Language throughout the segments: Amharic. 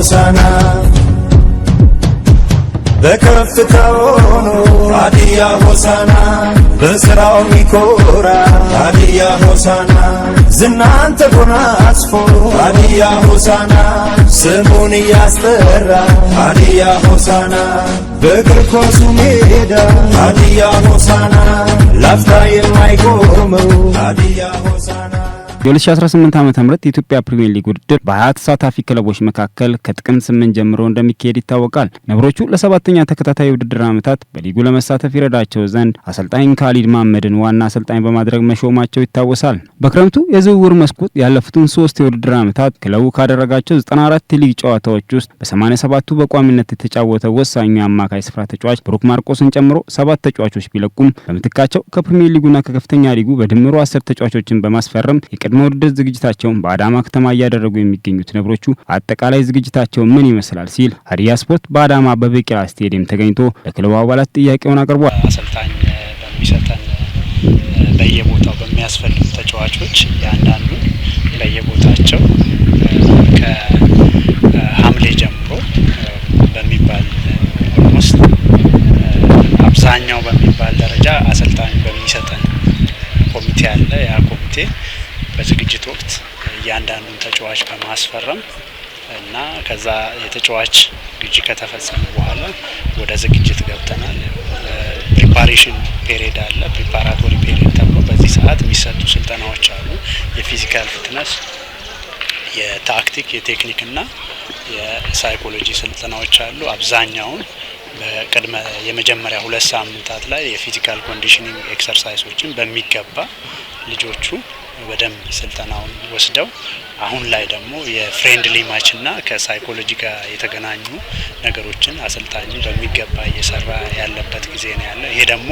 ሆሳና በከፍታው ሆኖ ሀዲያ ሆሳና በስራው ሚኮራ ሀዲያ ሆሳና ዝናን ተጎናጽፎ ሀዲያ ሆሳና ስሙን እያስጠራ ሀዲያ ሆሳና በእግር ኳሱ ሜዳ ሀዲያ ሆሳና ላፍታ የማይቆመው ሀዲያ ሆሳና የ2018 ዓ ም የኢትዮጵያ ፕሪምየር ሊግ ውድድር በ ተሳታፊ ክለቦች መካከል ከጥቅምት 8 ጀምሮ እንደሚካሄድ ይታወቃል። ነብሮቹ ለሰባተኛ ተከታታይ የውድድር ዓመታት በሊጉ ለመሳተፍ ይረዳቸው ዘንድ አሰልጣኝ ካሊድ ማህመድን ዋና አሰልጣኝ በማድረግ መሾማቸው ይታወሳል። በክረምቱ የዝውውር መስኮት ያለፉትን ሶስት የውድድር ዓመታት ክለቡ ካደረጋቸው 94 የሊግ ጨዋታዎች ውስጥ በ87ቱ በቋሚነት የተጫወተው ወሳኙ የአማካይ ስፍራ ተጫዋች ብሩክ ማርቆስን ጨምሮ ሰባት ተጫዋቾች ቢለቁም በምትካቸው ከፕሪምየር ሊጉና ከከፍተኛ ሊጉ በድምሩ አስር ተጫዋቾችን በማስፈረም ቅድመ ውድድር ዝግጅታቸውን በአዳማ ከተማ እያደረጉ የሚገኙት ነብሮቹ አጠቃላይ ዝግጅታቸው ምን ይመስላል ሲል ሀዲያ ስፖርት በአዳማ በቢቂላ ስቴዲየም ተገኝቶ ለክለቡ አባላት ጥያቄውን አቅርቧል። አሰልጣኝ በሚሰጠን በየቦታው በሚያስፈልጉ ተጫዋቾች ያንዳንዱ ለየቦታቸው ከሐምሌ ጀምሮ በሚባል ኦልሞስት አብዛኛው በሚባል ደረጃ አሰልጣኝ በሚሰጠን ኮሚቴ አለ። ያ ኮሚቴ በዝግጅት ወቅት እያንዳንዱን ተጫዋች በማስፈረም እና ከዛ የተጫዋች ግዢ ከተፈጸመ በኋላ ወደ ዝግጅት ገብተናል። ፕሪፓሬሽን ፔሪድ አለ፣ ፕሪፓራቶሪ ፔሪድ ተብሎ በዚህ ሰዓት የሚሰጡ ስልጠናዎች አሉ። የፊዚካል ፊትነስ፣ የታክቲክ፣ የቴክኒክ እና የሳይኮሎጂ ስልጠናዎች አሉ። አብዛኛውን በቅድመ የመጀመሪያ ሁለት ሳምንታት ላይ የፊዚካል ኮንዲሽኒንግ ኤክሰርሳይሶችን በሚገባ ልጆቹ በደንብ ስልጠናውን ወስደው አሁን ላይ ደግሞ የፍሬንድሊ ማች እና ከሳይኮሎጂ ጋር የተገናኙ ነገሮችን አሰልጣኙ በሚገባ እየሰራ ያለበት ጊዜ ነው ያለ። ይሄ ደግሞ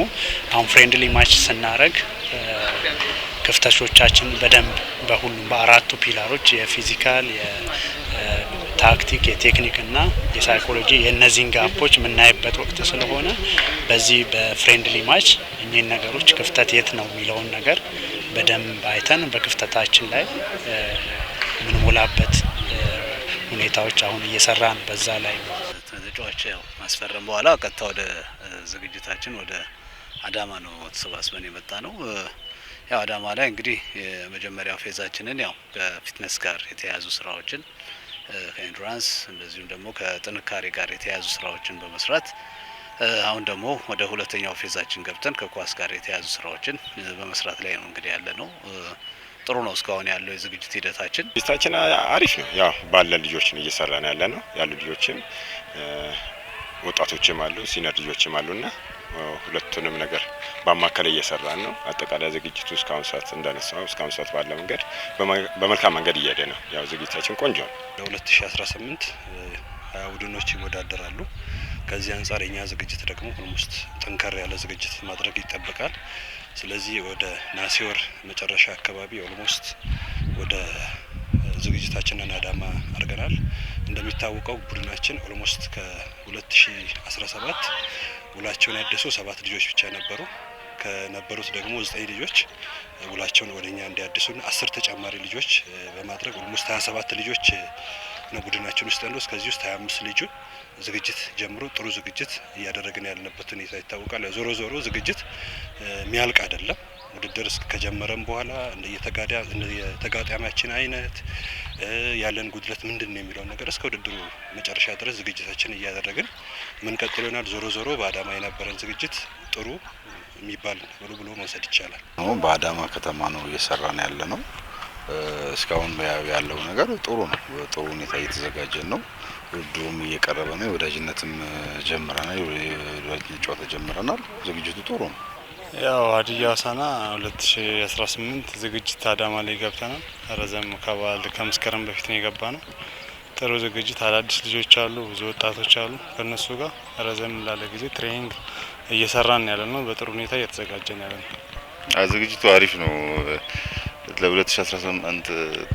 አሁን ፍሬንድሊ ማች ስናደረግ ክፍተሾቻችን በደንብ በሁሉም በአራቱ ፒላሮች የፊዚካል የታክቲክ የቴክኒክና የሳይኮሎጂ የእነዚህን ጋፖች የምናይበት ወቅት ስለሆነ በዚህ በፍሬንድሊ ማች እኚህን ነገሮች ክፍተት የት ነው የሚለውን ነገር በደንብ አይተን በክፍተታችን ላይ የምንሞላበት ሁኔታዎች አሁን እየሰራን በዛ ላይ ተጫዋች ያው ማስፈረም በኋላ ቀጥታ ወደ ዝግጅታችን ወደ አዳማ ነው ተሰባስበን የመጣ ነው። ያው አዳማ ላይ እንግዲህ የመጀመሪያው ፌዛችንን ያው ከፊትነስ ጋር የተያያዙ ስራዎችን ከኢንዱራንስ እንደዚሁም ደግሞ ከጥንካሬ ጋር የተያያዙ ስራዎችን በመስራት አሁን ደግሞ ወደ ሁለተኛው ፌዛችን ገብተን ከኳስ ጋር የተያያዙ ስራዎችን በመስራት ላይ ነው እንግዲህ ያለ ነው። ጥሩ ነው እስካሁን ያለው የዝግጅት ሂደታችን። ዝግጅታችን አሪፍ ነው። ያው ባለን ልጆችን ነው ያለ ነው ያሉ ልጆችም ወጣቶችም አሉ ሲነር ልጆችም አሉና ሁለቱንም ነገር በማከል እየሰራን ነው። አጠቃላይ ዝግጅቱ እስካሁን ሰዓት እንደነሳው እስካሁን ሰዓት ባለ መንገድ በመልካም መንገድ እየሄደ ነው። ያው ዝግጅታችን ቆንጆ ነው። ለ2018 ሀያ ቡድኖች ይወዳደራሉ። ከዚህ አንጻር የኛ ዝግጅት ደግሞ ኦልሞስት ጠንከር ያለ ዝግጅት ማድረግ ይጠበቃል። ስለዚህ ወደ ናሴወር መጨረሻ አካባቢ ኦልሞስት ወደ ዝግጅታችንን አዳማ አድርገናል። እንደሚታወቀው ቡድናችን ኦልሞስት ከ2017 ውላቸውን ያደሱ ሰባት ልጆች ብቻ ነበሩ። ከነበሩት ደግሞ ዘጠኝ ልጆች ውላቸውን ወደኛ እንዲያድሱን አስር ተጨማሪ ልጆች በማድረግ ኦልሞስት 27 ልጆች ነው ቡድናችን ውስጥ ያሉ። እስከዚህ ውስጥ 25 ልጁ ዝግጅት ጀምሮ ጥሩ ዝግጅት እያደረግን ያለበት ሁኔታ ይታወቃል። ዞሮ ዞሮ ዝግጅት ሚያልቅ አይደለም። ውድድር ከጀመረም በኋላ የተጋጣሚያችን አይነት ያለን ጉድለት ምንድን ነው የሚለውን ነገር እስከ ውድድሩ መጨረሻ ድረስ ዝግጅታችን እያደረግን ምንቀጥል ይሆናል። ዞሮ ዞሮ በአዳማ የነበረን ዝግጅት ጥሩ የሚባል ብሎ ብሎ መውሰድ ይቻላል። አሁን በአዳማ ከተማ ነው እየሰራ ነው ያለ ነው። እስካሁን ያለው ነገር ጥሩ ነው። ጥሩ ሁኔታ እየተዘጋጀን ነው። ውድድሩም እየቀረበ ነው። የወዳጅነትም ጀምረናል። የወዳጅነት ጨዋታ ጀምረናል። ዝግጅቱ ጥሩ ነው። ያው ሀዲያ ሆሳዕና 2018 ዝግጅት አዳማ ላይ ገብተናል። ረዘም ከበዓል ከመስከረም በፊት ነው የገባ ነው። ጥሩ ዝግጅት፣ አዳዲስ ልጆች አሉ፣ ብዙ ወጣቶች አሉ። ከእነሱ ጋር ረዘም ላለ ጊዜ ትሬኒንግ እየሰራን ያለ ነው። በጥሩ ሁኔታ እየተዘጋጀን ያለ ነው። ዝግጅቱ አሪፍ ነው። ለ2018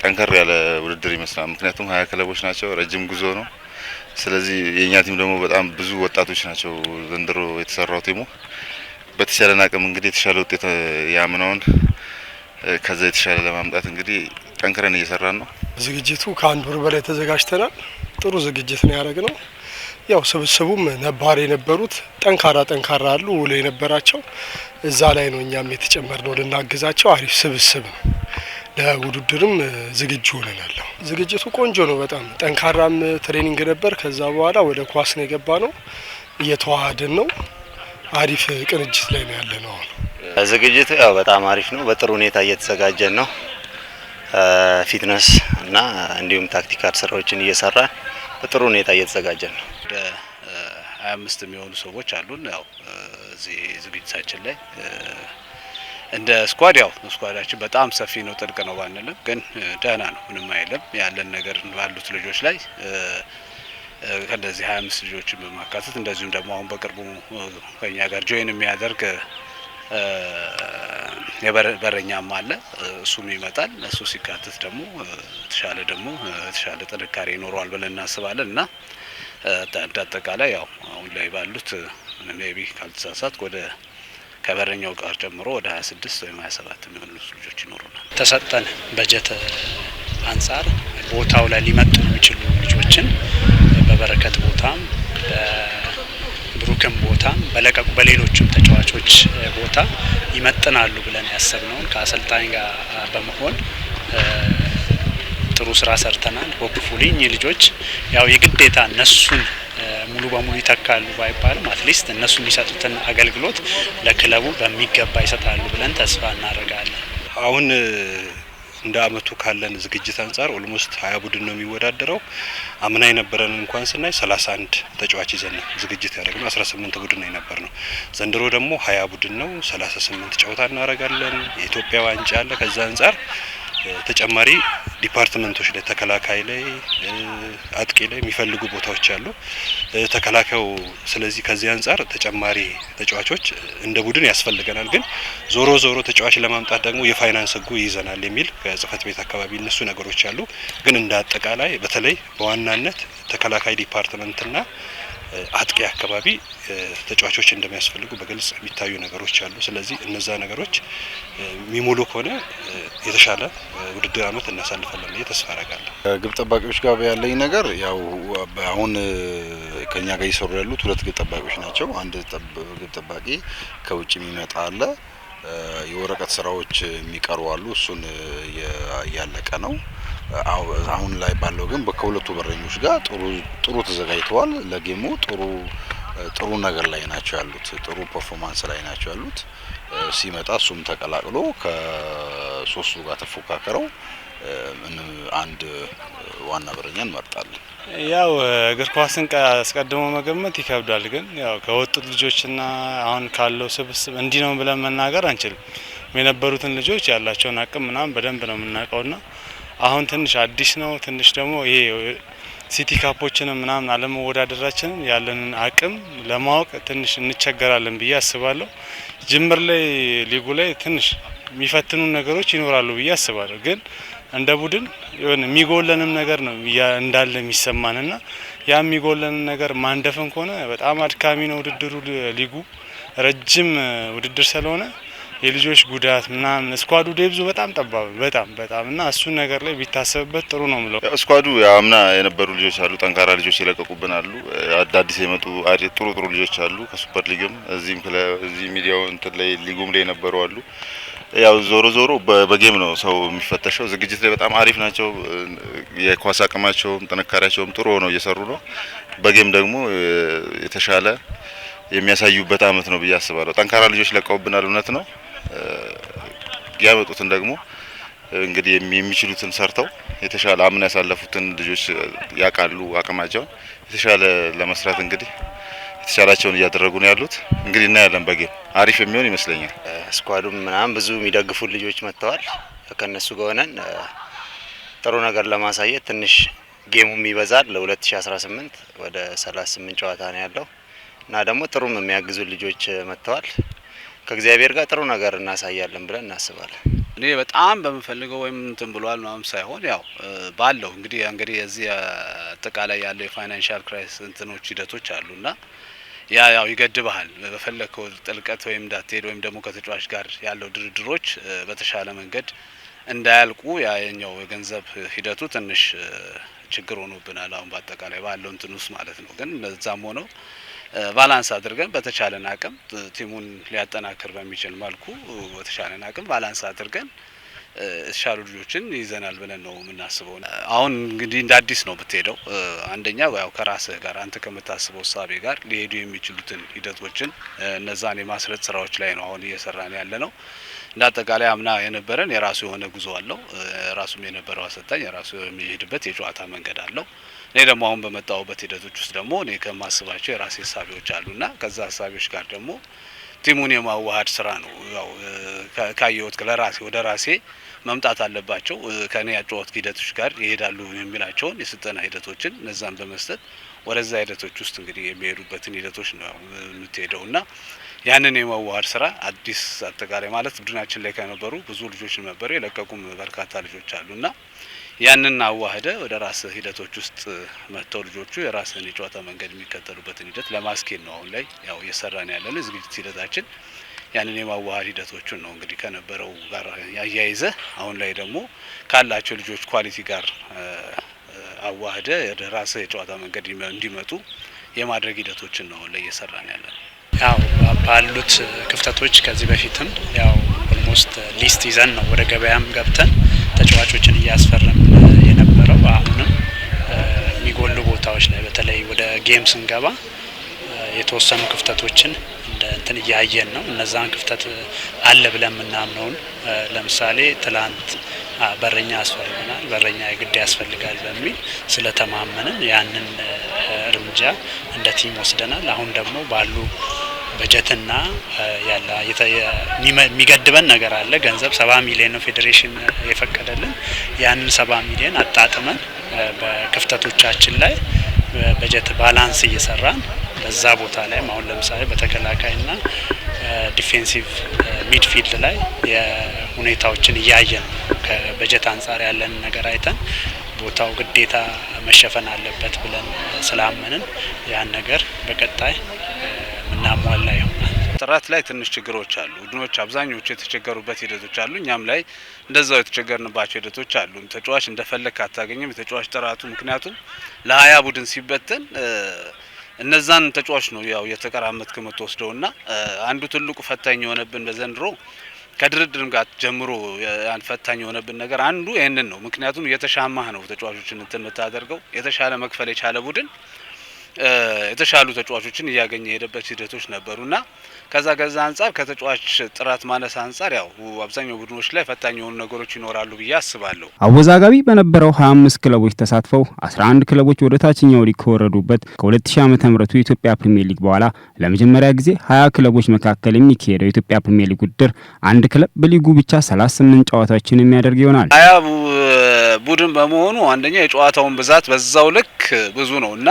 ጠንከር ያለ ውድድር ይመስላል። ምክንያቱም ሀያ ክለቦች ናቸው፣ ረጅም ጉዞ ነው። ስለዚህ የእኛ ቲም ደግሞ በጣም ብዙ ወጣቶች ናቸው ዘንድሮ የተሰራው ቲሙ በተቻለን አቅም እንግዲህ የተሻለ ውጤት ያምነውን ከዛ የተሻለ ለማምጣት እንግዲህ ጠንክረን እየሰራን ነው። ዝግጅቱ ከአንድ ወር በላይ ተዘጋጅተናል። ጥሩ ዝግጅት ነው ነው። ያው ስብስቡም ነባር የነበሩት ጠንካራ ጠንካራ አሉ ውሎ የነበራቸው እዛ ላይ ነው እኛም የተጨመርነው ልናግዛቸው። አሪፍ ስብስብ ነው። ለውድድርም ዝግጁ ሆነናለሁ። ዝግጅቱ ቆንጆ ነው። በጣም ጠንካራም ትሬኒንግ ነበር። ከዛ በኋላ ወደ ኳስ ነው የገባ ነው። እየተዋሃድን ነው። አሪፍ ቅንጅት ላይ ነው ያለ ነው። ዝግጅት ያው በጣም አሪፍ ነው። በጥሩ ሁኔታ እየተዘጋጀን ነው። ፊትነስ እና እንዲሁም ታክቲካል ስራዎችን እየሰራን በጥሩ ሁኔታ እየተዘጋጀን ነው። ወደ 25 የሚሆኑ ሰዎች አሉን። ያው እዚህ ዝግጅታችን ላይ እንደ ስኳድ ያው ስኳዳችን በጣም ሰፊ ነው፣ ጥልቅ ነው ባንልም ግን ደህና ነው፣ ምንም አይልም። ያለን ነገር ባሉት ልጆች ላይ ከነዚህ ሀያ አምስት ልጆችን በማካተት እንደዚሁም ደግሞ አሁን በቅርቡ ከኛ ጋር ጆይን የሚያደርግ የበረኛም አለ። እሱም ይመጣል። እሱ ሲካተት ደግሞ የተሻለ ደግሞ የተሻለ ጥንካሬ ይኖረዋል ብለን እናስባለን እና አጠቃላይ ያው አሁን ላይ ባሉት ሜቢ ካልተሳሳት ወደ ከበረኛው ጋር ጨምሮ ወደ ስድስት ወይም ሰባት የሚሆኑ ልጆች ይኖሩናል። ተሰጠን በጀት አንጻር ቦታው ላይ ሊመጡ የሚችሉ ልጆችን በበረከት ቦታም ብሩክም ቦታም በለቀቁ በሌሎችም ተጫዋቾች ቦታ ይመጥናሉ ብለን ያሰብነውን ከአሰልጣኝ ጋር በመሆን ጥሩ ስራ ሰርተናል። ሆፕፉሊ እኚህ ልጆች ያው የግዴታ እነሱን ሙሉ በሙሉ ይተካሉ ባይባልም አትሊስት እነሱ የሚሰጡትን አገልግሎት ለክለቡ በሚገባ ይሰጣሉ ብለን ተስፋ እናደርጋለን። አሁን እንደ አመቱ ካለን ዝግጅት አንጻር ኦልሞስት ሀያ ቡድን ነው የሚወዳደረው። አምና የነበረን እንኳን ስናይ ሰላሳ አንድ ተጫዋች ይዘን ነው ዝግጅት ያደረግነው። አስራ ስምንት ቡድን ነው የነበር ነው። ዘንድሮ ደግሞ ሀያ ቡድን ነው። ሰላሳ ስምንት ጨዋታ እናደርጋለን። የኢትዮጵያ ዋንጫ አለ። ከዛ አንጻር ተጨማሪ ዲፓርትመንቶች ላይ ተከላካይ ላይ አጥቂ ላይ የሚፈልጉ ቦታዎች አሉ። ተከላካዩ ስለዚህ ከዚህ አንጻር ተጨማሪ ተጫዋቾች እንደ ቡድን ያስፈልገናል። ግን ዞሮ ዞሮ ተጫዋች ለማምጣት ደግሞ የፋይናንስ ህጉ ይይዘናል የሚል ከጽህፈት ቤት አካባቢ እነሱ ነገሮች አሉ። ግን እንደ አጠቃላይ በተለይ በዋናነት ተከላካይ ዲፓርትመንትና አጥቂ አካባቢ ተጫዋቾች እንደሚያስፈልጉ በግልጽ የሚታዩ ነገሮች አሉ። ስለዚህ እነዛ ነገሮች የሚሞሉ ከሆነ የተሻለ ውድድር አመት እናሳልፋለን ብዬ ተስፋ አረጋለሁ። ግብ ጠባቂዎች ጋር ያለኝ ነገር ያው አሁን ከኛ ጋር እየሰሩ ያሉት ሁለት ግብ ጠባቂዎች ናቸው። አንድ ግብ ጠባቂ ከውጭ የሚመጣ አለ። የወረቀት ስራዎች የሚቀሩ አሉ። እሱን እያለቀ ነው አሁን ላይ ባለው ግን ከሁለቱ በረኞች ጋር ጥሩ ጥሩ ተዘጋጅተዋል ለጌሙ ጥሩ ጥሩ ነገር ላይ ናቸው ያሉት። ጥሩ ፐርፎርማንስ ላይ ናቸው ያሉት። ሲመጣ እሱም ተቀላቅሎ ከሶስቱ ጋር ተፎካከረው አንድ ዋና በረኛ እንመርጣለን። ያው እግር ኳስን አስቀድሞ መገመት ይከብዳል። ግን ያው ከወጡት ልጆችና አሁን ካለው ስብስብ እንዲህ ነው ብለን መናገር አንችልም። የነበሩትን ልጆች ያላቸውን አቅም ምናምን በደንብ ነው የምናውቀውና አሁን ትንሽ አዲስ ነው። ትንሽ ደግሞ ይሄ ሲቲ ካፖችንም ምናምን አለመወዳደራችንን ያለንን አቅም ለማወቅ ትንሽ እንቸገራለን ብዬ አስባለሁ። ጅምር ላይ ሊጉ ላይ ትንሽ የሚፈትኑ ነገሮች ይኖራሉ ብዬ አስባለሁ። ግን እንደ ቡድን የሆነ የሚጎለንም ነገር ነው እንዳለ የሚሰማንና ያ የሚጎለንን ነገር ማንደፍን ከሆነ በጣም አድካሚ ነው ውድድሩ ሊጉ ረጅም ውድድር ስለሆነ የልጆች ጉዳት ምናምን ስኳዱ ዴብዙ በጣም ጠባብ በጣም በጣም እና እሱን ነገር ላይ ቢታሰብበት ጥሩ ነው ምለው። ስኳዱ አምና የነበሩ ልጆች አሉ፣ ጠንካራ ልጆች የለቀቁብን አሉ፣ አዳዲስ የመጡ ጥሩ ጥሩ ልጆች አሉ። ከሱፐር ሊግም እዚህም እዚህ ሚዲያው እንትን ላይ ሊጉም ላይ የነበሩ አሉ። ያው ዞሮ ዞሮ በጌም ነው ሰው የሚፈተሸው። ዝግጅት ላይ በጣም አሪፍ ናቸው። የኳስ አቅማቸውም ጥንካሬያቸውም ጥሩ ሆነው እየሰሩ ነው። በጌም ደግሞ የተሻለ የሚያሳዩበት አመት ነው ብዬ አስባለሁ። ጠንካራ ልጆች ለቀውብናል፣ እውነት ነው። ያመጡትን ደግሞ እንግዲህ የሚችሉትን ሰርተው የተሻለ አምና ያሳለፉትን ልጆች ያውቃሉ አቅማቸውን የተሻለ ለመስራት እንግዲህ የተሻላቸውን እያደረጉ ነው ያሉት። እንግዲህ እናያለን። በጌም አሪፍ የሚሆን ይመስለኛል። ስኳዱም ምናምን ብዙ የሚደግፉ ልጆች መጥተዋል። ከነሱ ጋር ሆነን ጥሩ ነገር ለማሳየት ትንሽ ጌሙም ይበዛል። ለ2018 ወደ 38 ጨዋታ ነው ያለው እና ደግሞ ጥሩም የሚያግዙ ልጆች መጥተዋል። ከእግዚአብሔር ጋር ጥሩ ነገር እናሳያለን ብለን እናስባለን። እኔ በጣም በምፈልገው ወይም እንትን ብሏል ምናምን ሳይሆን ያው ባለው እንግዲህ እንግዲህ የዚህ አጠቃላይ ያለው የፋይናንሻል ክራይስ እንትኖች ሂደቶች አሉ ና ያ ያው ይገድብሃል በፈለግከው ጥልቀት ወይም እንዳትሄድ ወይም ደግሞ ከተጫዋች ጋር ያለው ድርድሮች በተሻለ መንገድ እንዳያልቁ ያየኛው የገንዘብ ሂደቱ ትንሽ ችግር ሆኖብናል። አሁን በአጠቃላይ ባለው እንትን ውስጥ ማለት ነው። ግን እዛም ሆነው ባላንስ አድርገን በተቻለን አቅም ቲሙን ሊያጠናክር በሚችል መልኩ በተቻለን አቅም ባላንስ አድርገን የተሻሉ ልጆችን ይዘናል ብለን ነው የምናስበው። አሁን እንግዲህ እንደ አዲስ ነው ብትሄደው፣ አንደኛ ያው ከራስህ ጋር አንተ ከምታስበው እሳቤ ጋር ሊሄዱ የሚችሉትን ሂደቶችን እነዛን የማስረጥ ስራዎች ላይ ነው አሁን እየሰራን ያለ ነው። እንደ አጠቃላይ አምና የነበረን የራሱ የሆነ ጉዞ አለው። ራሱም የነበረው አሰልጣኝ የራሱ የሚሄድበት የጨዋታ መንገድ አለው። እኔ ደግሞ አሁን በመጣሁበት ሂደቶች ውስጥ ደግሞ እኔ ከማስባቸው የራሴ ሀሳቢዎች አሉና ከዛ ሀሳቢዎች ጋር ደግሞ ቲሙን የማዋሃድ ስራ ነው ያው ካየሁት ለራሴ ወደ ራሴ መምጣት አለባቸው። ከኔ ያጫወት ሂደቶች ጋር ይሄዳሉ የሚላቸውን የስልጠና ሂደቶችን እነዛን በመስጠት ወደዛ ሂደቶች ውስጥ እንግዲህ የሚሄዱበትን ሂደቶች ነው የምትሄደው እና ያንን የመዋሃድ ስራ አዲስ አጠቃላይ ማለት ቡድናችን ላይ ከነበሩ ብዙ ልጆች ነበሩ የለቀቁም በርካታ ልጆች አሉና ያንን አዋህደ ወደ ራስ ሂደቶች ውስጥ መጥተው ልጆቹ የራስን የጨዋታ መንገድ የሚከተሉበትን ሂደት ለማስኬድ ነው አሁን ላይ ያው እየሰራን ያለን ዝግጅት ሂደታችን ያንን የማዋሃድ ሂደቶችን ነው እንግዲህ ከነበረው ጋር ያያይዘ አሁን ላይ ደግሞ ካላቸው ልጆች ኳሊቲ ጋር አዋህደ ወደ ራስህ የጨዋታ መንገድ እንዲመጡ የማድረግ ሂደቶችን ነው አሁን ላይ እየሰራን ያለን። ያው ባሉት ክፍተቶች ከዚህ በፊትም ያው ኦልሞስት ሊስት ይዘን ነው ወደ ገበያም ገብተን ተጫዋቾችን እያስፈረም የነበረው። አሁንም የሚጎሉ ቦታዎች ላይ በተለይ ወደ ጌም ስንገባ የተወሰኑ ክፍተቶችን እንትን እያየን ነው። እነዛን ክፍተት አለ ብለን የምናምነውን ለምሳሌ ትላንት በረኛ ያስፈልገናል፣ በረኛ የግድ ያስፈልጋል በሚል ስለተማመንን ያንን እርምጃ እንደ ቲም ወስደናል። አሁን ደግሞ ባሉ በጀትና የሚገድበን ነገር አለ። ገንዘብ ሰባ ሚሊዮን ነው ፌዴሬሽን የፈቀደልን። ያንን ሰባ ሚሊዮን አጣጥመን በክፍተቶቻችን ላይ በጀት ባላንስ እየሰራን በዛ ቦታ ላይ አሁን ለምሳሌ በተከላካይና ዲፌንሲቭ ሚድፊልድ ላይ ሁኔታዎችን እያየን ከበጀት አንጻር ያለን ነገር አይተን ቦታው ግዴታ መሸፈን አለበት ብለን ስላመንን ያን ነገር በቀጣይ የምናሟላ ይሆናል። ጥራት ላይ ትንሽ ችግሮች አሉ። ቡድኖች አብዛኞቹ የተቸገሩበት ሂደቶች አሉ። እኛም ላይ እንደዛው የተቸገርንባቸው ሂደቶች አሉ። ተጫዋች እንደፈለግ አታገኝም። የተጫዋች ጥራቱ ምክንያቱም ለሀያ ቡድን ሲበትን እነዛን ተጫዋች ነው ያው የተቀራመጥክ የምትወስደው ና አንዱ ትልቁ ፈታኝ የሆነብን በዘንድሮ ከድርድርም ጋር ጀምሮ ፈታኝ የሆነብን ነገር አንዱ ይህንን ነው። ምክንያቱም የተሻማህ ነው ተጫዋቾችን እንትን የምታደርገው የተሻለ መክፈል የቻለ ቡድን የተሻሉ ተጫዋቾችን እያገኘ የሄደበት ሂደቶች ነበሩና ከዛ ከዛ አንጻር ከተጫዋች ጥራት ማነስ አንጻር ያው አብዛኛው ቡድኖች ላይ ፈታኝ የሆኑ ነገሮች ይኖራሉ ብዬ አስባለሁ። አወዛጋቢ በነበረው 25 ክለቦች ተሳትፈው 11 ክለቦች ወደ ታችኛው ሊግ ከወረዱበት ከ2000 ዓ ም የኢትዮጵያ ፕሪምየር ሊግ በኋላ ለመጀመሪያ ጊዜ 20 ክለቦች መካከል የሚካሄደው የኢትዮጵያ ፕሪምየር ሊግ ውድድር አንድ ክለብ በሊጉ ብቻ 38 ጨዋታዎችን የሚያደርግ ይሆናል። ሀያ ቡድን በመሆኑ አንደኛ የጨዋታውን ብዛት በዛው ልክ ብዙ ነው እና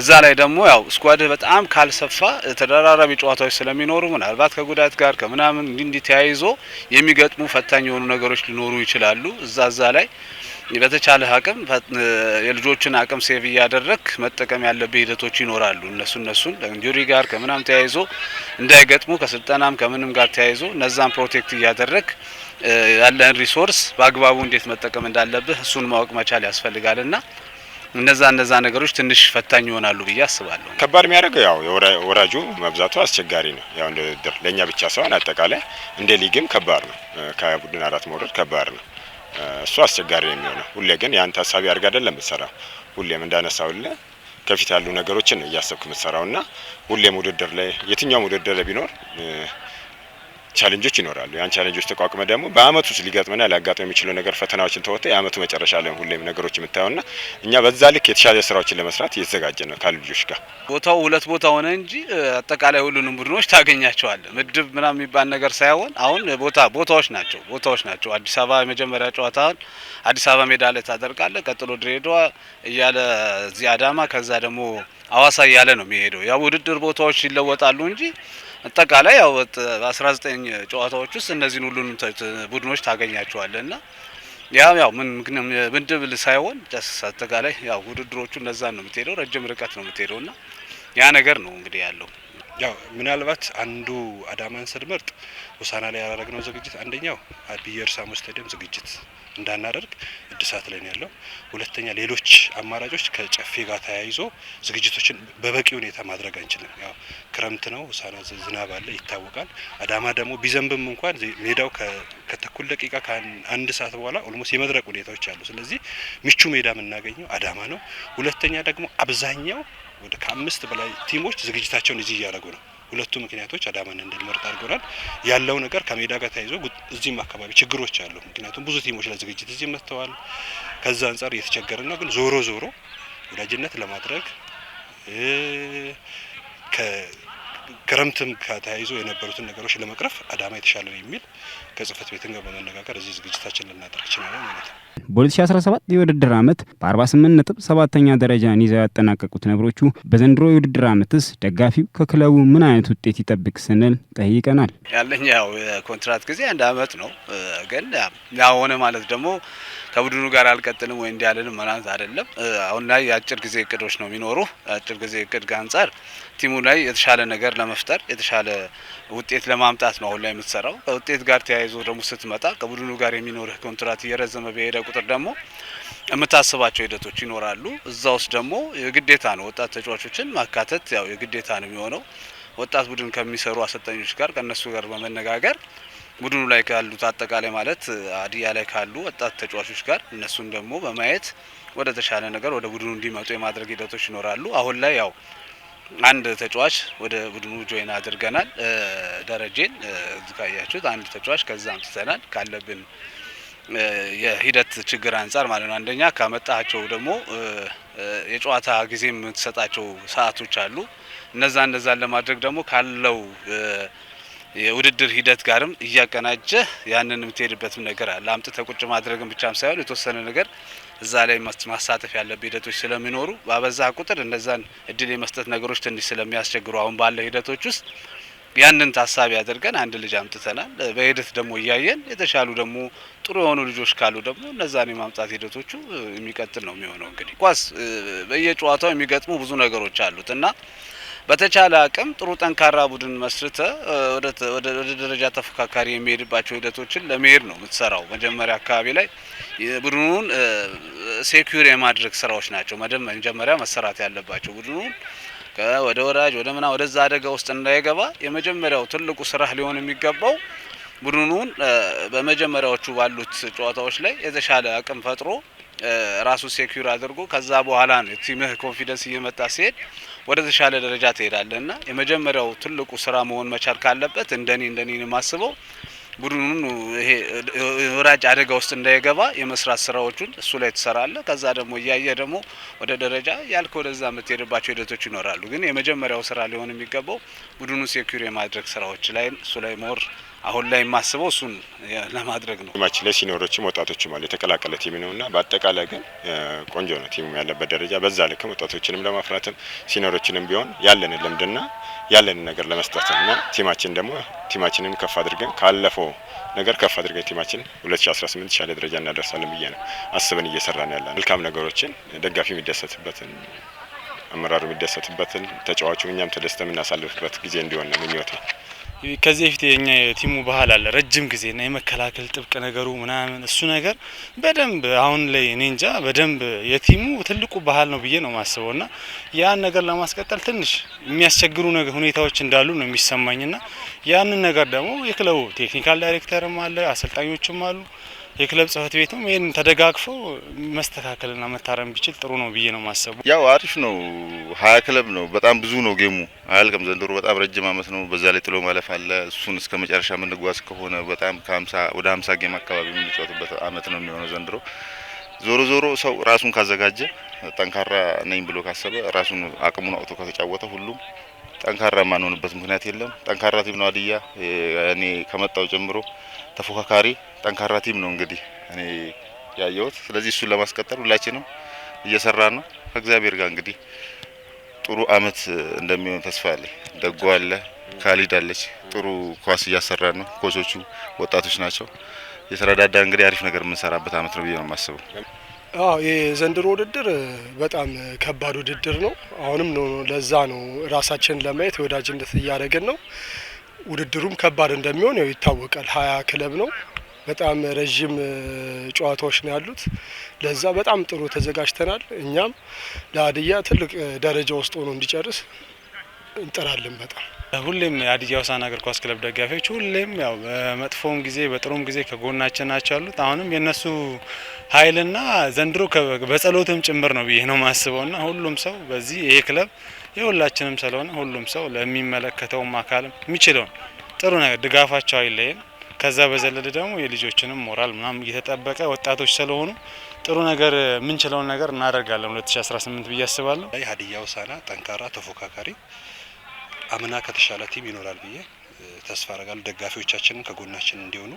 እዛ ላይ ደግሞ ያው ስኳድህ በጣም ካልሰፋ ተደራራቢ ጨዋታዎች ስለሚኖሩ ምናልባት ከጉዳት ጋር ከምናምን እንዲ ተያይዞ የሚገጥሙ ፈታኝ የሆኑ ነገሮች ሊኖሩ ይችላሉ። እዛ እዛ ላይ በተቻለ አቅም የልጆችን አቅም ሴቭ እያደረግ መጠቀም ያለብህ ሂደቶች ይኖራሉ። እነሱ እነሱን ከኢንጁሪ ጋር ከምናም ተያይዞ እንዳይገጥሙ ከስልጠናም ከምንም ጋር ተያይዞ እነዛን ፕሮቴክት እያደረግ ያለን ሪሶርስ በአግባቡ እንዴት መጠቀም እንዳለብህ እሱን ማወቅ መቻል ያስፈልጋልና እነዛ እነዛ ነገሮች ትንሽ ፈታኝ ይሆናሉ ብዬ አስባለሁ። ከባድ የሚያደርገው ያው ወራጁ መብዛቱ አስቸጋሪ ነው። ያው እንደ ውድድር ለእኛ ብቻ ሳይሆን አጠቃላይ እንደ ሊግም ከባድ ነው። ከቡድን አራት መውረድ ከባድ ነው። እሱ አስቸጋሪ ነው የሚሆነው። ሁሌ ግን ያን ታሳቢ አድርግ አይደለም የምትሰራው። ሁሌም እንዳነሳውልህ ከፊት ያሉ ነገሮችን እያሰብክ የምትሰራው እና ሁሌም ውድድር ላይ የትኛውም ውድድር ላይ ቢኖር ቻሌንጆች ይኖራሉ። ያን ቻሌንጆች ተቋቁመ ደግሞ በአመት ውስጥ ሊገጥመና ሊያጋጥም የሚችለው ነገር ፈተናዎችን ተወጥተ የአመቱ መጨረሻ ላይ ሁሌም ነገሮች የምታየውና እኛ በዛ ልክ የተሻለ ስራዎችን ለመስራት እየተዘጋጀ ነው ካሉ ልጆች ጋር። ቦታው ሁለት ቦታ ሆነ እንጂ አጠቃላይ ሁሉንም ቡድኖች ታገኛቸዋለ። ምድብ ምናምን የሚባል ነገር ሳይሆን አሁን ቦታ ቦታዎች ናቸው ቦታዎች ናቸው። አዲስ አበባ የመጀመሪያ ጨዋታን አዲስ አበባ ሜዳ ላይ ታደርጋለ። ቀጥሎ ድሬዳዋ እያለ እዚህ አዳማ፣ ከዛ ደግሞ አዋሳ እያለ ነው የሚሄደው። ያ ውድድር ቦታዎች ይለወጣሉ እንጂ አጠቃላይ ያው በ19 ጨዋታዎች ውስጥ እነዚህን ሁሉንም ቡድኖች ታገኛቸዋለ እና ያው ያው ምን ምድብ ሳይሆን ደስ አጠቃላይ ያው ውድድሮቹ እነዛን ነው የምትሄደው፣ ረጅም ርቀት ነው የምትሄደው እና ያ ነገር ነው እንግዲህ ያለው። ያው ምናልባት አንዱ አዳማን ስንመርጥ ውሳና ላይ ያደረግነው ዝግጅት አንደኛው ብዬር ስታዲየም ዝግጅት እንዳናደርግ እድሳት ላይ ያለው፣ ሁለተኛ ሌሎች አማራጮች ከጨፌ ጋር ተያይዞ ዝግጅቶችን በበቂ ሁኔታ ማድረግ አንችልም። ያው ክረምት ነው፣ ውሳና ዝናብ አለ ይታወቃል። አዳማ ደግሞ ቢዘንብም እንኳን ሜዳው ከተኩል ደቂቃ ከአንድ ሰዓት በኋላ ኦልሞስት የመድረቅ ሁኔታዎች አሉ። ስለዚህ ምቹ ሜዳ የምናገኘው አዳማ ነው። ሁለተኛ ደግሞ አብዛኛው ወደ ከአምስት በላይ ቲሞች ዝግጅታቸውን እዚህ እያደረጉ ነው። ሁለቱ ምክንያቶች አዳማን እንድንመርጥ አድርጎናል። ያለው ነገር ከሜዳ ጋር ተያይዞ እዚህም አካባቢ ችግሮች አሉ። ምክንያቱም ብዙ ቲሞች ለዝግጅት እዚህ መጥተዋል። ከዛ አንጻር እየተቸገርን ነው። ግን ዞሮ ዞሮ ወዳጅነት ለማድረግ ክረምትም ከተያይዞ የነበሩትን ነገሮች ለመቅረፍ አዳማ የተሻለ ነው የሚል ከጽህፈት ቤትን ጋር በመነጋገር እዚህ ዝግጅታችን ልናደርግ ችላለን ማለት ነው። በ2017 የውድድር ዓመት በ48 ነጥብ ሰባተኛ ደረጃን ይዘው ያጠናቀቁት ነብሮቹ በዘንድሮ የውድድር ዓመትስ ደጋፊው ከክለቡ ምን አይነት ውጤት ይጠብቅ ስንል ጠይቀናል። ያለኝ ያው የኮንትራት ጊዜ አንድ ዓመት ነው። ግን ያ ሆነ ማለት ደግሞ ከቡድኑ ጋር አልቀጥልም ወይ እንዲያለንም መናንስ አይደለም። አሁን ላይ የአጭር ጊዜ እቅዶች ነው የሚኖሩ። የአጭር ጊዜ እቅድ አንጻር ቲሙ ላይ የተሻለ ነገር ለመፍጠር የተሻለ ውጤት ለማምጣት ነው አሁን ላይ የምትሰራው። ከውጤት ጋር ተያይዞ ደግሞ ስትመጣ ከቡድኑ ጋር የሚኖርህ ኮንትራት እየረዘመ በሄደ ቁጥር ደግሞ የምታስባቸው ሂደቶች ይኖራሉ። እዛ ውስጥ ደግሞ የግዴታ ነው ወጣት ተጫዋቾችን ማካተት ያው የግዴታ ነው የሚሆነው። ወጣት ቡድን ከሚሰሩ አሰልጣኞች ጋር ከእነሱ ጋር በመነጋገር ቡድኑ ላይ ካሉት አጠቃላይ ማለት ሀዲያ ላይ ካሉ ወጣት ተጫዋቾች ጋር እነሱን ደግሞ በማየት ወደ ተሻለ ነገር ወደ ቡድኑ እንዲመጡ የማድረግ ሂደቶች ይኖራሉ። አሁን ላይ ያው አንድ ተጫዋች ወደ ቡድኑ ጆይን አድርገናል። ደረጀን ካያችሁት አንድ ተጫዋች ከዛ አምጥተናል ካለብን የሂደት ችግር አንጻር ማለት ነው። አንደኛ ካመጣቸው ደግሞ የጨዋታ ጊዜ የምትሰጣቸው ሰዓቶች አሉ። እነዛ እነዛን ለማድረግ ደግሞ ካለው የውድድር ሂደት ጋርም እያቀናጀ ያንን የምትሄድበትም ነገር አለ። አምጥተ ቁጭ ማድረግም ብቻም ሳይሆን የተወሰነ ነገር እዛ ላይ ማሳተፍ ያለብ ሂደቶች ስለሚኖሩ በበዛ ቁጥር እነዛን እድል የመስጠት ነገሮች ትንሽ ስለሚያስቸግሩ አሁን ባለው ሂደቶች ውስጥ ያንን ታሳቢ አድርገን አንድ ልጅ አምጥተናል። በሂደት ደግሞ እያየን የተሻሉ ደግሞ ጥሩ የሆኑ ልጆች ካሉ ደግሞ እነዛን የማምጣት ሂደቶቹ የሚቀጥል ነው የሚሆነው። እንግዲህ ኳስ በየጨዋታው የሚገጥሙ ብዙ ነገሮች አሉት እና በተቻለ አቅም ጥሩ ጠንካራ ቡድን መስርተ ወደ ደረጃ ተፎካካሪ የሚሄድባቸው ሂደቶችን ለመሄድ ነው የምትሰራው። መጀመሪያ አካባቢ ላይ ቡድኑን ሴኩር የማድረግ ስራዎች ናቸው መጀመሪያ መሰራት ያለባቸው ቡድኑን ወደ ወዳጅ ወደ ምና ወደዛ አደጋ ውስጥ እንዳይገባ የመጀመሪያው ትልቁ ስራህ ሊሆን የሚገባው ቡድኑን በመጀመሪያዎቹ ባሉት ጨዋታዎች ላይ የተሻለ አቅም ፈጥሮ ራሱ ሴኩር አድርጎ ከዛ በኋላ ነው ቲምህ ኮንፊደንስ እየመጣ ሲሄድ ወደ ተሻለ ደረጃ ትሄዳለህ እና የመጀመሪያው ትልቁ ስራ መሆን መቻል ካለበት እንደኔ እንደኔ የማስበው ቡድኑን ይሄ ወራጅ አደጋ ውስጥ እንዳይገባ የመስራት ስራዎቹን እሱ ላይ ትሰራለህ። ከዛ ደግሞ እያየ ደግሞ ወደ ደረጃ ያልክ ወደዛ የምትሄድባቸው ሂደቶች ይኖራሉ። ግን የመጀመሪያው ስራ ሊሆን የሚገባው ቡድኑ ሴኩሪ የማድረግ ስራዎች ላይ እሱ ላይ ሞር አሁን ላይ የማስበው እሱን ለማድረግ ነው። ቲማችን ላይ ሲኖሮችም ወጣቶችም አሉ የተቀላቀለ ቲም ነው እና በአጠቃላይ ግን ቆንጆ ነው ቲሙ ያለበት ደረጃ። በዛ ልክም ወጣቶችንም ለማፍራትም ሲኖሮችንም ቢሆን ያለንን ልምድና ያለንን ነገር ለመስጠት እና ቲማችን ደግሞ ቲማችንን ከፍ አድርገን ካለፈው ነገር ከፍ አድርገን ቲማችን 2018 ሻለ ደረጃ እናደርሳለን ብዬ ነው አስበን እየሰራ ያለን መልካም ነገሮችን ደጋፊ የሚደሰትበትን አመራሩ የሚደሰትበትን ተጫዋቹ እኛም ተደስተ የምናሳልፍበት ጊዜ እንዲሆን ነው ምኞቴ። ከዚህ በፊት የኛ የቲሙ ባህል አለ ረጅም ጊዜ እና የመከላከል ጥብቅ ነገሩ ምናምን እሱ ነገር በደንብ አሁን ላይ እኔ እንጃ በደንብ የቲሙ ትልቁ ባህል ነው ብዬ ነው ማስበው እና ያን ነገር ለማስቀጠል ትንሽ የሚያስቸግሩ ሁኔታዎች እንዳሉ ነው የሚሰማኝ ና ያንን ነገር ደግሞ የክለቡ ቴክኒካል ዳይሬክተርም አለ አሰልጣኞችም አሉ የክለብ ጽህፈት ቤትም ይህን ተደጋግፎ መስተካከልና መታረም ቢችል ጥሩ ነው ብዬ ነው ማሰቡ። ያው አሪፍ ነው። ሀያ ክለብ ነው። በጣም ብዙ ነው። ጌሙ አያልቅም። ዘንድሮ በጣም ረጅም አመት ነው። በዛ ላይ ጥሎ ማለፍ አለ። እሱን እስከ መጨረሻ የምንጓዝ ከሆነ በጣም ከሀምሳ ወደ ሀምሳ ጌም አካባቢ የምንጫወትበት አመት ነው የሚሆነው ዘንድሮ። ዞሮ ዞሮ ሰው ራሱን ካዘጋጀ ጠንካራ ነኝ ብሎ ካሰበ ራሱን አቅሙን አውጥቶ ከተጫወተ ሁሉም ጠንካራ የማንሆንበት ምክንያት የለም። ጠንካራ ቲም ነው ሀዲያ። እኔ ከመጣው ጀምሮ ተፎካካሪ ጠንካራ ቲም ነው እንግዲህ እኔ ያየሁት። ስለዚህ እሱን ለማስቀጠል ሁላችንም እየሰራ ነው። ከእግዚአብሔር ጋር እንግዲህ ጥሩ አመት እንደሚሆን ተስፋ አለኝ። ደጎ አለ፣ ካሊድ አለች። ጥሩ ኳስ እያሰራ ነው። ኮቾቹ ወጣቶች ናቸው። የተረዳዳ እንግዲህ አሪፍ ነገር የምንሰራበት አመት ነው ብዬ ነው የማስበው። አዎ የዘንድሮ ውድድር በጣም ከባድ ውድድር ነው። አሁንም ነው ለዛ ነው ራሳችን ለማየት ወዳጅነት እያደረግን ነው። ውድድሩም ከባድ እንደሚሆን ያው ይታወቃል። ሀያ ክለብ ነው። በጣም ረዥም ጨዋታዎች ነው ያሉት። ለዛ በጣም ጥሩ ተዘጋጅተናል። እኛም ለሀዲያ ትልቅ ደረጃ ውስጥ ሆኖ እንዲጨርስ እንጠራለን። በጣም ሁሌም የሀዲያ ሆሳዕና እግር ኳስ ክለብ ደጋፊዎች ሁሌም ያው በመጥፎም ጊዜ በጥሩም ጊዜ ከጎናችን ናቸው ያሉት። አሁንም የእነሱ ኃይልና ዘንድሮ በጸሎትም ጭምር ነው ብዬ ነው ና ሁሉም ሰው በዚህ ይሄ ክለብ የሁላችንም ስለሆነ ሁሉም ሰው ለሚመለከተውም አካልም የሚችለውን ጥሩ ነገር ድጋፋቸው አይለይም። ከዛ በዘለለ ደግሞ የልጆችንም ሞራል ምናምን እየተጠበቀ ወጣቶች ስለሆኑ ጥሩ ነገር የምንችለውን ነገር እናደርጋለን 2018 ብዬ አስባለሁ። ሀዲያ ሆሳዕና ጠንካራ ተፎካካሪ አምና ከተሻለ ቲም ይኖራል ብዬ ተስፋ አረጋለሁ። ደጋፊዎቻችንን ከጎናችን እንዲሆኑ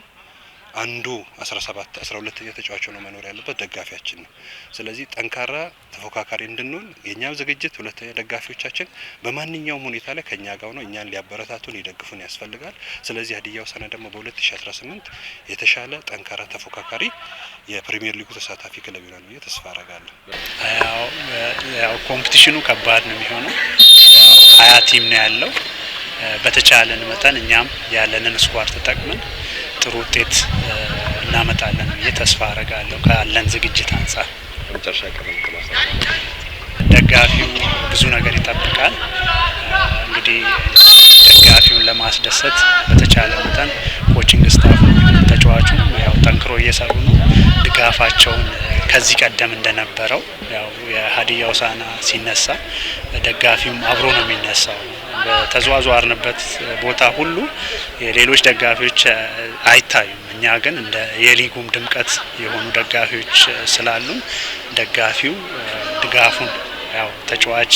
አንዱ 17 12ኛ ተጫዋች ሆኖ መኖር ያለበት ደጋፊያችን ነው። ስለዚህ ጠንካራ ተፎካካሪ እንድንሆን የእኛም ዝግጅት፣ ሁለተኛ ደጋፊዎቻችን በማንኛውም ሁኔታ ላይ ከኛ ጋር ሆነው እኛን ሊያበረታቱን ሊደግፉን ያስፈልጋል። ስለዚህ ሀዲያ ሆሳዕና ደግሞ በ2018 የተሻለ ጠንካራ ተፎካካሪ የፕሪሚየር ሊጉ ተሳታፊ ክለብ ይሆናል ብዬ ተስፋ አረጋለሁ። ያው ኮምፒቲሽኑ ከባድ ነው የሚሆነው ሀያ ቲም ነው ያለው። በተቻለን መጠን እኛም ያለንን ስኳር ተጠቅመን ጥሩ ውጤት እናመጣለን ብዬ ተስፋ አረጋለሁ ካለን ዝግጅት አንጻር። ደጋፊው ብዙ ነገር ይጠብቃል። እንግዲህ ደጋፊውን ለማስደሰት በተቻለ መጠን ኮችንግ ስታፍ ተጫዋቹ ያው ጠንክሮ እየሰሩ ነው ድጋፋቸውን ከዚህ ቀደም እንደነበረው ያው የሀዲያ ሆሳዕና ሲነሳ ደጋፊውም አብሮ ነው የሚነሳው። በተዘዋወርንበት ቦታ ሁሉ የሌሎች ደጋፊዎች አይታዩም። እኛ ግን እንደ የሊጉም ድምቀት የሆኑ ደጋፊዎች ስላሉ ደጋፊው ድጋፉን ያው ተጫዋች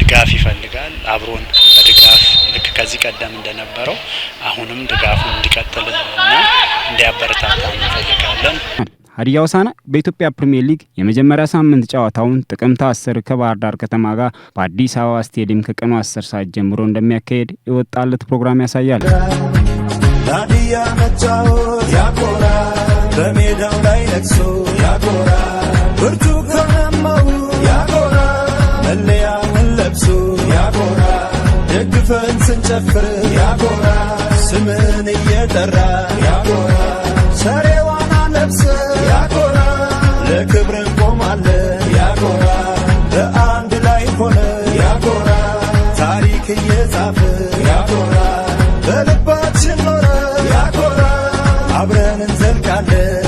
ድጋፍ ይፈልጋል። አብሮን በድጋፍ ልክ ከዚህ ቀደም እንደነበረው አሁንም ድጋፉን እንዲቀጥል እና እንዲያበረታታ እንፈልጋለን። ሀዲያ ሆሳዕና በኢትዮጵያ ፕሪምየር ሊግ የመጀመሪያ ሳምንት ጨዋታውን ጥቅምት 10 ከባህር ዳር ከተማ ጋር በአዲስ አበባ ስቴዲየም ከቀኑ 10 ሰዓት ጀምሮ እንደሚያካሄድ የወጣለት ፕሮግራም ያሳያል። ሀዲያ መጫወት ያኮራል፣ በሜዳው ላይ ለቅሶ ያኮራል፣ ብርቱ ከነማው ያኮራል፣ መለያውን ለብሶ ያኮራል፣ ደግፈን ስንጨፍር ያኮራል፣ ስምን እየጠራ ያኮራል ሰሬዋ ለብሰ ያኮራ ለክብር ቆማለ ያኮራ በአንድ ላይ ሆነ ያኮራ ታሪክ እየጻፈ ያኮራ በልባችን ኖረ ያኮራ አብረን እንዘልቃለን